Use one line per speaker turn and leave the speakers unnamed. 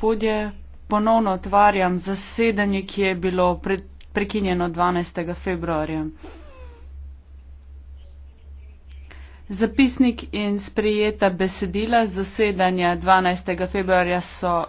gospodje, ponovno otvarjam zasedanje, ki je bilo pred, prekinjeno 12. februarja. Zapisnik in sprejeta besedila zasedanja 12. februarja so